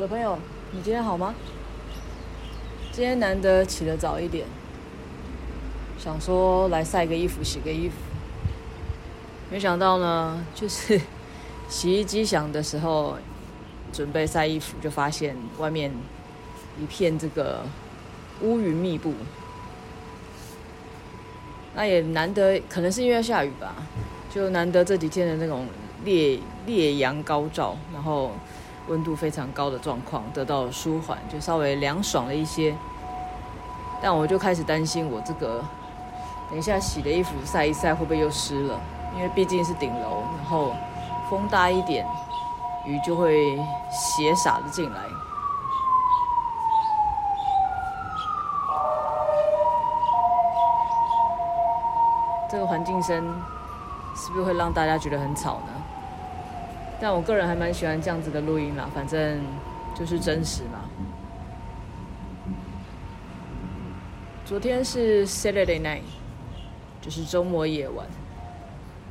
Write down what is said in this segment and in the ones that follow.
我的朋友，你今天好嗎？今天難得起得早一點，想說來曬個衣服、洗個衣服，沒想到呢，就是洗衣機響的時候，準備曬衣服，就發現外面一片這個烏雲密布。那也難得，可能是因為要下雨吧，就難得這幾天的那種烈烈陽高照，然後。溫度非常高的狀況得到了舒緩，就稍微涼爽了一些。但我就開始擔心，我這個等一下洗的衣服曬一曬會不會又濕了？因為畢竟是頂樓，然後風大一點，雨就會斜灑的進來。這個環境聲是不是會讓大家覺得很吵呢？但我個人還蠻喜歡這樣子的錄音啦，反正就是真實嘛。昨天是 Saturday night，就是週末夜晚。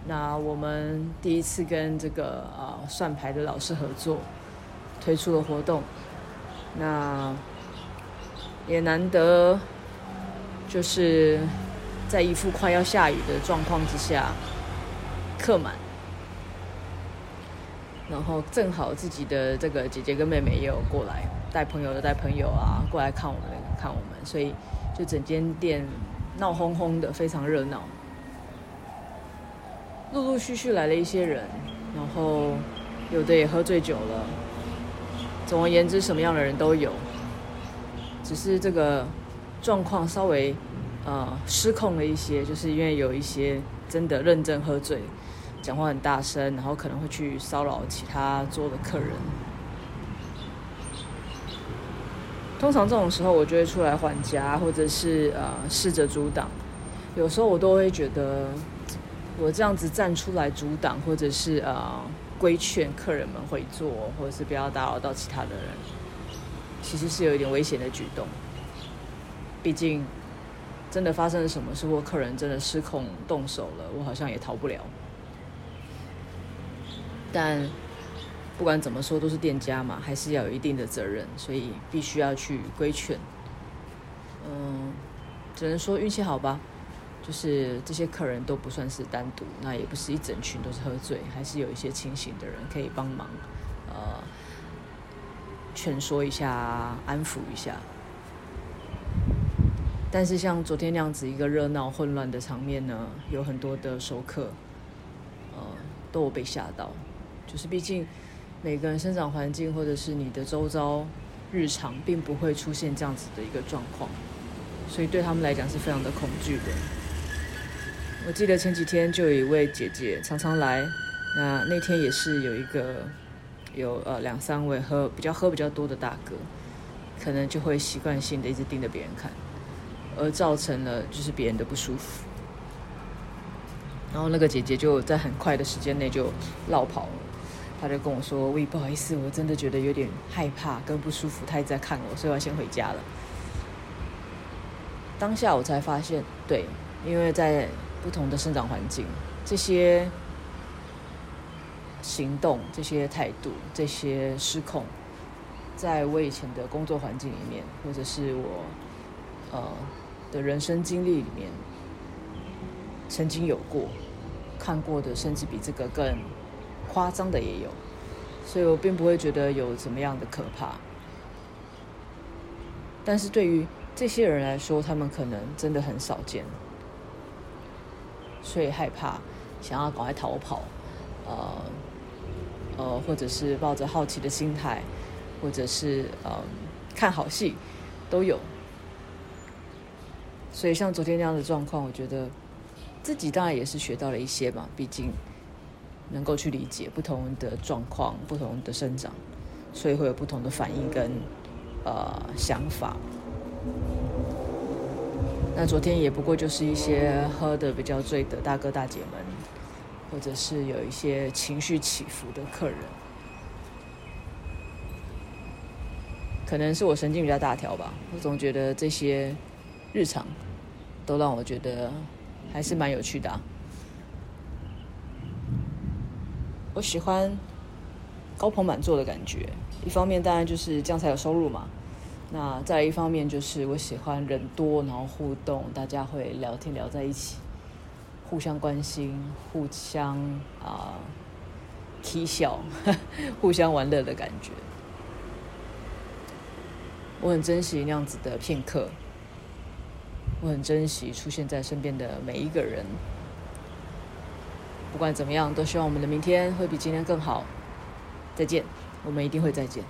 那我們第一次跟這個啊算牌的老師合作，推出了活動。那也難得，就是在一副快要下雨的狀況之下，客滿。然後正好自己的這個姐姐跟妹妹也有過來，帶朋友的帶朋友啊過來看我們看我們，所以就整間店鬧哄哄的，非常熱鬧。陸陸續續來了一些人，然後有的也喝醉酒了。總而言之，什麼樣的人都有，只是這個狀況稍微呃失控了一些，就是因為有一些真的認真喝醉。講話很大聲，然後可能會去騷擾其他桌的客人。通常這種時候，我就會出來緩頰，或者是呃試着阻擋。有時候我都會覺得，我這樣子站出來阻擋，或者是呃規勸客人們回座或者是不要打擾到其他的人，其實是有一點危險的舉動。畢竟，真的發生了什麼事，或客人真的失控動手了，我好像也逃不了。但不管怎麼說，都是店家嘛，還是要有一定的責任，所以必須要去規勸。嗯，只能說運氣好吧，就是這些客人都不算是單獨，那也不是一整群都是喝醉，還是有一些清醒的人可以幫忙，呃，勸說一下，安撫一下。但是像昨天那樣子一個熱鬧混亂的場面呢，有很多的熟客，呃，都有被嚇到。就是畢竟每個人生長環境或者是你的周遭日常，並不會出現這樣子的一個狀況，所以對他們來講是非常的恐懼的。我記得前幾天就有一位姐姐常常來，那那天也是有一個有呃兩三位喝比較喝比較多的大哥，可能就會習慣性的一直盯着別人看，而造成了就是別人的不舒服，然後那個姐姐就在很快的時間內就落跑了。他就跟我說：“喂，不好意思，我真的覺得有點害怕跟不舒服，他一直在看我，所以我要先回家了。”當下我才發現，對，因為在不同的生長環境，這些行動、這些態度、這些失控，在我以前的工作環境裡面，或者是我呃的人生經歷裡面，曾經有過，看過的，甚至比這個更誇張的也有，所以我並不會覺得有什麼樣的可怕。但是對於這些人來說，他們可能真的很少見，所以害怕，想要趕快逃跑，呃，呃，或者是抱着好奇的心態，或者是，呃，看好戲，都有。所以像昨天那樣的狀況，我覺得自己當然也是學到了一些嘛，畢竟。能夠去理解不同的狀況、不同的生長，所以會有不同的反應跟呃想法。那昨天也不過就是一些喝的比較醉的大哥大姐們，或者是有一些情緒起伏的客人，可能是我神經比較大條吧。我總覺得這些日常都讓我覺得還是蠻有趣的啊。我喜歡高朋滿座的感覺，一方面當然就是這樣才有收入嘛，那再一方面就是我喜歡人多，然後互動，大家會聊天聊在一起，互相關心，互相啊，嬉笑呵呵，互相玩樂的感覺。我很珍惜那樣子的片刻，我很珍惜出現在身邊的每一個人。不管怎麼樣，都希望我們的明天會比今天更好。再見，我們一定會再見。